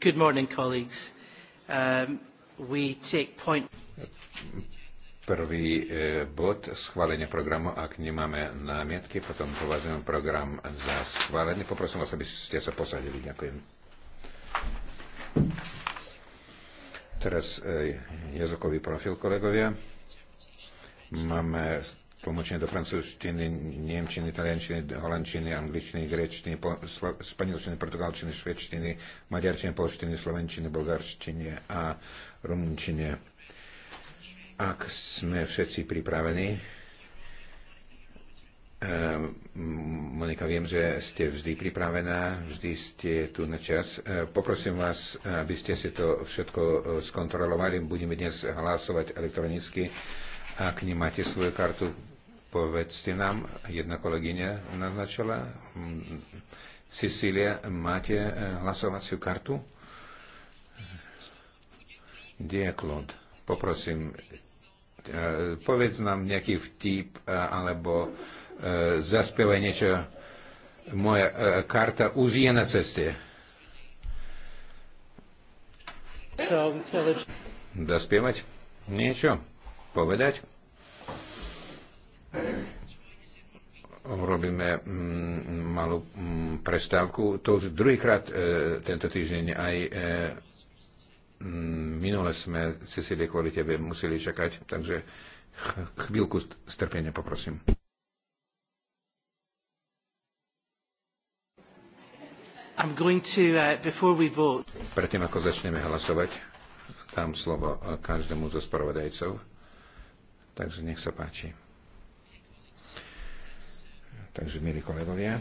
Good morning, colleagues. Um, we take point... Prvý eh, bod schválenia programu, ak nemáme námietky, potom považujem program za schválený. Poprosím vás, aby ste sa posadili. Ďakujem. Teraz eh, jazykový profil, kolegovia. Máme tlmočenie do francúzštiny, nemčiny, taliančiny, holandčiny, angličtiny, grečtiny, po, slo, španielčiny, portugalčiny, švedčtiny, maďarčiny, polštiny, slovenčiny, bulgarštine a rumunčine. Ak sme všetci pripravení, eh, Monika, viem, že ste vždy pripravená, vždy ste tu na čas. Eh, poprosím vás, aby ste si to všetko eh, skontrolovali. Budeme dnes hlasovať elektronicky. Ak nemáte svoju kartu, Povedzte nám, jedna kolegyňa naznačila, Cecília, máte e, hlasovaciu kartu? Kde je Claude? Poprosím, e, povedz nám nejaký vtip e, alebo zaspievaj niečo. Moja karta už je na ceste. Zaspievať? Niečo? Povedať? urobíme mm, malú mm, prestávku. To už druhýkrát e, tento týždeň aj e, mm, minule sme Cecilie kvôli tebe museli čakať, takže chvíľku strpenia poprosím. I'm going to, uh, before we vote. Predtým, ako začneme hlasovať, dám slovo e, každému zo spravodajcov. Takže nech sa páči. Takže, milí kolegovia,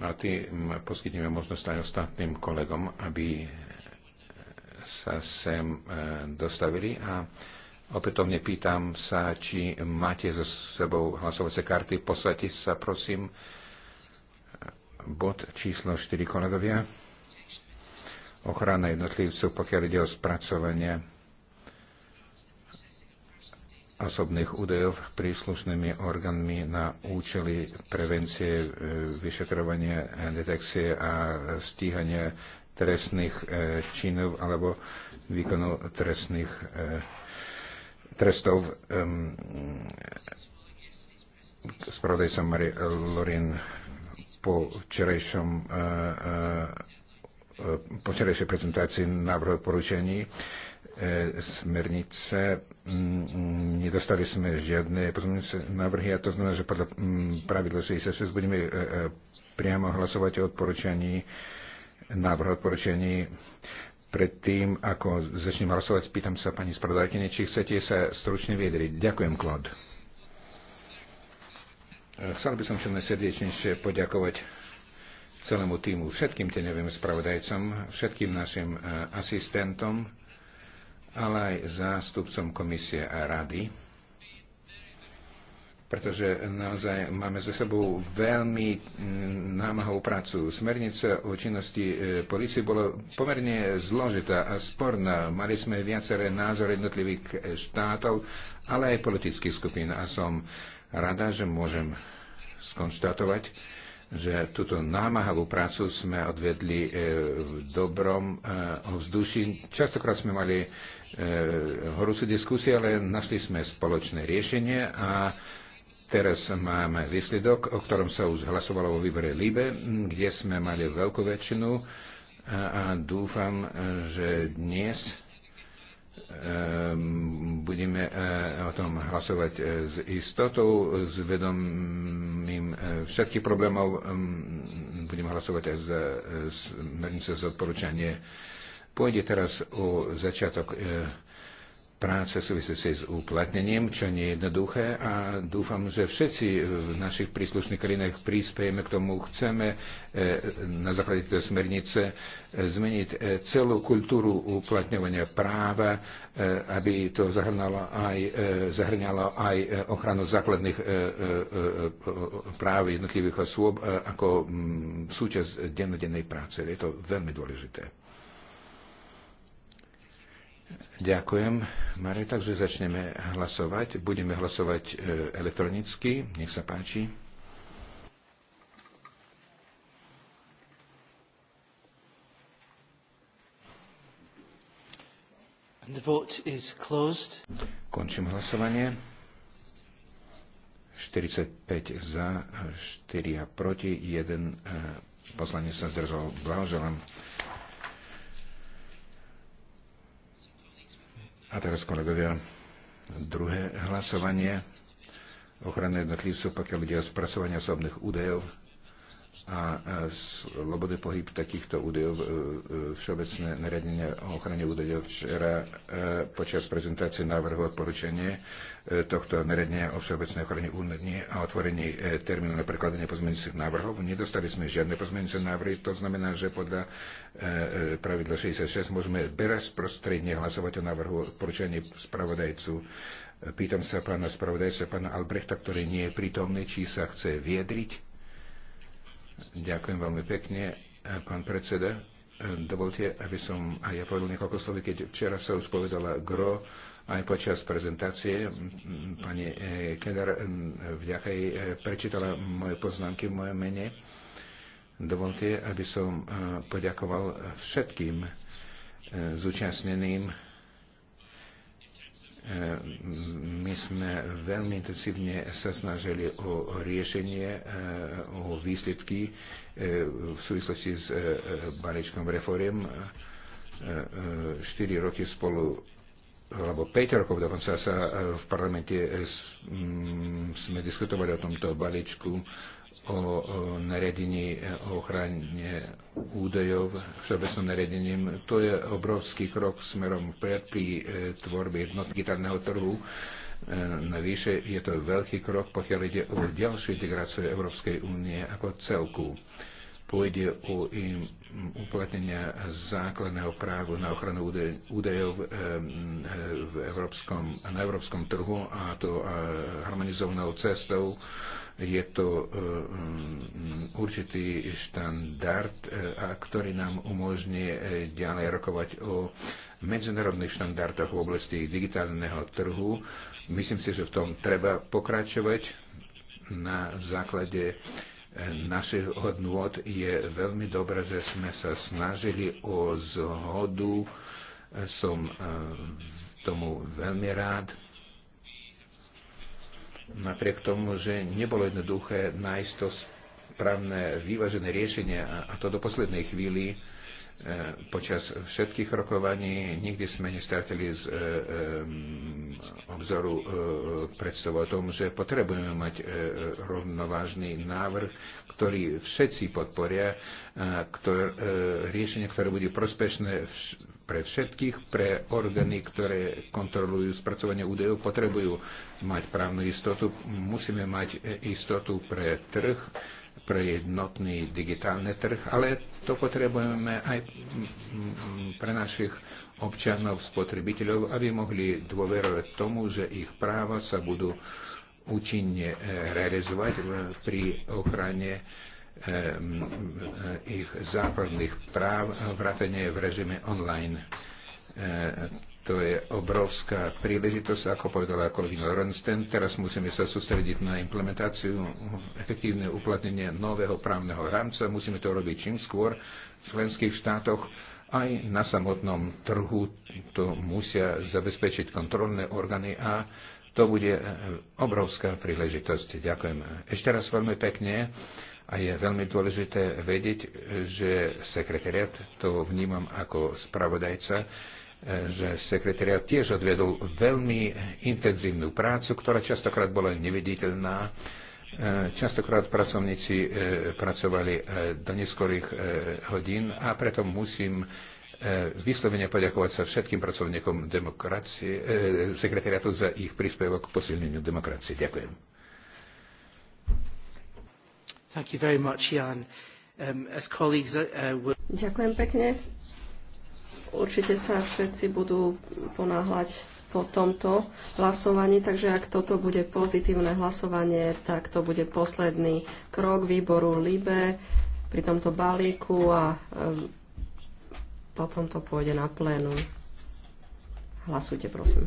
a tým poskytneme možnosť aj ostatným kolegom, aby sa sem e, dostavili a opätovne pýtam sa, či máte so sebou hlasovacie karty. Posadite sa, prosím, bod číslo 4, kolegovia. Ochrana jednotlivcov, pokiaľ ide o spracovanie osobných údajov príslušnými orgánmi na účely prevencie, e, vyšetrovania, e, detekcie a stíhania trestných e, činov alebo výkonu trestných trestov. Spravodajca Marie Lorin po včerajšom po včerajšej prezentácii návrhu poručení. E, smernice. Mm, nedostali sme žiadne pozmeňujúce návrhy a to znamená, že podľa mm, pravidla 66 budeme e, e, priamo hlasovať o odporúčaní, návrh odporúčaní. Predtým, ako začnem hlasovať, pýtam sa pani spravodajkyne, či chcete sa stručne vyjadriť. Ďakujem, Klod. Chcel by som čo najsrdečnejšie poďakovať celému týmu, všetkým tenevým spravodajcom, všetkým našim asistentom, ale aj zástupcom komisie a rady, pretože naozaj máme za sebou veľmi mm, námahovú prácu. Smernica o činnosti e, policie bola pomerne zložitá a sporná. Mali sme viaceré názory jednotlivých štátov, ale aj politických skupín a som rada, že môžem skonštatovať, že túto námahavú prácu sme odvedli e, v dobrom e, ovzduši. Častokrát sme mali e, horúcu diskusie, ale našli sme spoločné riešenie a Teraz máme výsledok, o ktorom sa už hlasovalo vo výbore Líbe, kde sme mali veľkú väčšinu a dúfam, že dnes Ehm, budeme eh, o tom hlasovať eh, s istotou, s vedomím eh, všetkých problémov. Ehm, budeme hlasovať aj za smernice za odporúčanie. Pôjde teraz o začiatok práce súvisiace s uplatnením, čo nie je jednoduché a dúfam, že všetci v našich príslušných krajinách prispiejeme k tomu. Chceme e, na základe tejto smernice e, zmeniť e, celú kultúru uplatňovania práva, aby to zahrňalo aj, zahrňalo aj ochranu základných práv jednotlivých osôb ako súčasť dennodennej práce. Je to veľmi dôležité. Ďakujem, Mare. Takže začneme hlasovať. Budeme hlasovať e, elektronicky. Nech sa páči. And the vote is closed. Končím hlasovanie. 45 za, 4 proti, 1 e, poslanec sa zdržal. Blahoželám. A teraz, kolegovia, druhé hlasovanie ochrana jednotlivcov, pokiaľ ide o spracovanie osobných údajov a slobodný pohyb takýchto údajov, e, e, všeobecné nariadenie o ochrane údajov včera e, počas prezentácie návrhu odporúčanie tohto nariadenia o všeobecnej ochrane údajov a otvorení termínu na prekladanie pozmeňujúcich návrhov. Nedostali sme žiadne pozmeňujúce návrhy, to znamená, že podľa pravidla 66 môžeme bezprostredne hlasovať o návrhu odporúčania spravodajcu. Pýtam sa pána spravodajca, pána Albrechta, ktorý nie je prítomný, či sa chce viedriť. Ďakujem veľmi pekne, e, pán predseda. E, dovolte, aby som aj ja povedal niekoľko slov, keď včera sa už povedala GRO, aj počas prezentácie pani e, Kedar vďaka jej prečítala moje poznámky v mojom mene. Dovolte, aby som poďakoval všetkým zúčastneným Ehm, my sme veľmi intenzívne sa snažili o riešenie, ehm, o výsledky ehm, v súvislosti s balíčkom reforiem. 4 roky spolu alebo 5 rokov dokonca sa e, v parlamente e, mm, sme diskutovali o tomto balíčku o, nariadení e, o ochrane údajov všeobecnom nariadením. To je obrovský krok smerom vpred pri tvorbe jednotky digitálneho trhu. Navyše je to veľký krok, pokiaľ ide o ďalšiu integráciu Európskej únie ako celku pôjde o im uplatnenia základného práva na ochranu údajov v európskom, na európskom trhu a to e, harmonizovanou cestou. Je to e, určitý štandard, e, ktorý nám umožní ďalej rokovať o medzinárodných štandardoch v oblasti digitálneho trhu. Myslím si, že v tom treba pokračovať na základe našich hodnôt je veľmi dobré, že sme sa snažili o zhodu. Som e, tomu veľmi rád. Napriek tomu, že nebolo jednoduché nájsť to správne vyvážené riešenie a to do poslednej chvíli e, počas všetkých rokovaní nikdy sme nestratili z e, obzoru e, predstavu o tom, že potrebujeme mať e, rovnovážny návrh, ktorý všetci podporia, ktor, e, riešenie, ktoré bude prospešné pre všetkých, pre orgány, ktoré kontrolujú spracovanie údajov, potrebujú mať právnu istotu. Musíme mať e, istotu pre trh, pre jednotný digitálny trh, ale to potrebujeme aj pre našich občanov, spotrebiteľov, aby mohli dôverovať tomu, že ich práva sa budú účinne e, realizovať pri ochrane Ehm, ich základných práv, vrátane v režime online. Ehm, to je obrovská príležitosť, ako povedala kolegyňa Ronsten. Teraz musíme sa sústrediť na implementáciu, efektívne uplatnenie nového právneho rámca. Musíme to robiť čím skôr v členských štátoch. Aj na samotnom trhu to musia zabezpečiť kontrolné orgány a to bude obrovská príležitosť. Ďakujem. Ešte raz veľmi pekne. A je veľmi dôležité vedieť, že sekretariat, to vnímam ako spravodajca, že sekretariat tiež odvedol veľmi intenzívnu prácu, ktorá častokrát bola neviditeľná. Častokrát pracovníci e, pracovali e, do neskorých e, hodín a preto musím vyslovene poďakovať sa všetkým pracovníkom demokracie, sekretariatu za ich príspevok k posilneniu demokracie. Ďakujem. Thank you very much, Jan. Um, as colleagues, uh, uh will... Ďakujem pekne. Určite sa všetci budú ponáhľať po tomto hlasovaní, takže ak toto bude pozitívne hlasovanie, tak to bude posledný krok výboru LIBE pri tomto balíku a um, potom to pôjde na plénu. Hlasujte, prosím.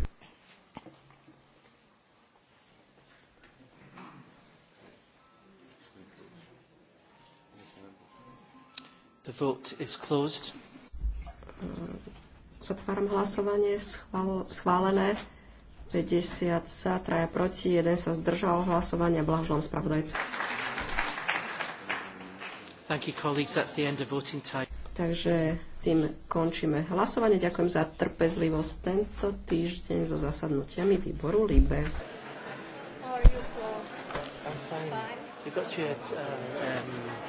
The vote is closed. Zatváram hlasovanie. Schvalo, schválené. 50 sa, traja proti, jeden sa zdržal hlasovania. Blahoželám spravodajcu. Thank you, colleagues. That's the end of voting time. Takže tým končíme hlasovanie. Ďakujem za trpezlivosť tento týždeň so zasadnutiami výboru LIBE. How are you, Paul? I'm fine. fine. You got your uh, um, um,